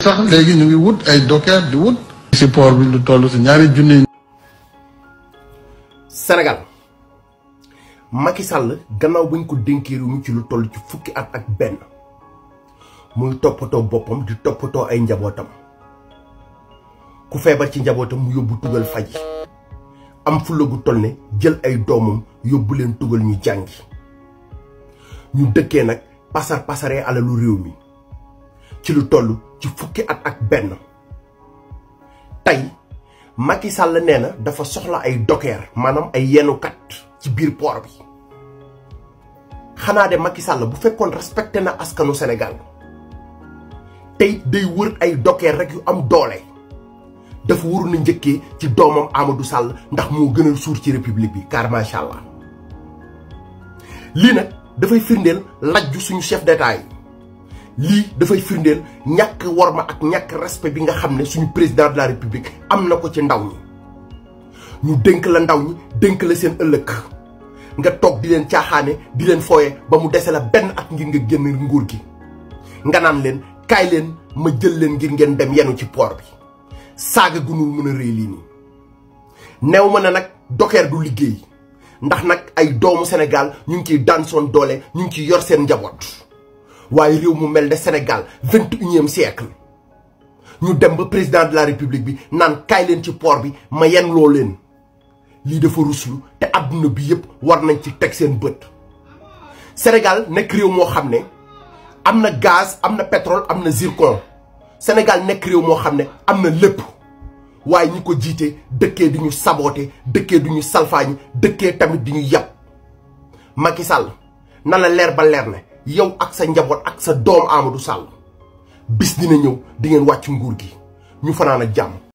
sax léegi ñu ngi wut ay docker di wut. port bi lu toll si ñaari junni. Sénégal Macky Sall gannaaw buñ ko dénkee ci lu toll ci fukki at ak benn muy toppatoo boppam di toppatoo ay njabootam ku feebar ci njabootam mu yóbbu tugal faji am fulla gu toll ne jël ay doomam yóbbu leen tugal ñu jàngi ñu dëkkee nag pasar pasaree alalu réew mi. toll ci fukki at ak benn tey Macky Sall nee na dafa soxla ay docker maanaam ay yenukat ci biir port de Macky Sall bu fekkoon respecté na askanu Sénégal tey day wër ay docker rek yu am doole dafa waroon a njëkkee ci doomam amadu sàll ndax moo gën a suur ci république bi car macha allah lii nag dafay firndeel lajju suñu chef d'état yi lii dafay firndeel ñàkk worma ak ñàkk respect bi nga xam ne suñu président de la république am na ko ci ndaw ñi ñu dénk la ndaw ñi dénk la seen ëllëg nga toog di leen caaxaane di leen fooye ba mu desee la benn at ngir nga génn nguur gi nga naan leen kaay leen ma jël leen ngir ngeen dem yenu ci port bi saaga gunul mën a rëy lii nii new ma ne nag dokeer du liggéey ndax nag ay doomu Sénégal ñu ngi ciy daan seen doole ñu ngi ciy yor seen njaboot waaye réew mu mel ne Sénégal vingt unième siècle ñu dem ba président de la république bi naan kaay leen ci port bi ma yen loo leen lii dafa ruslu te àdduna bi yëpp war nañ ci teg seen bët Sénégal nekk réew moo xam ne am na gaz am na pétrole am na zircon Sénégal nekk réew moo xam ne am na lépp waaye ñi ko jiite dëkkee du ñu saboote dëkkee du ñu salfaañi dëkkee tamit du ñu yàpp Macky Sall na la leer ba leer ne yow ak sa njaboot ak sa doom Amadou Sall bis dina ñëw dingeen ngeen wàcc nguur gi ñu fanaan ak jàmm.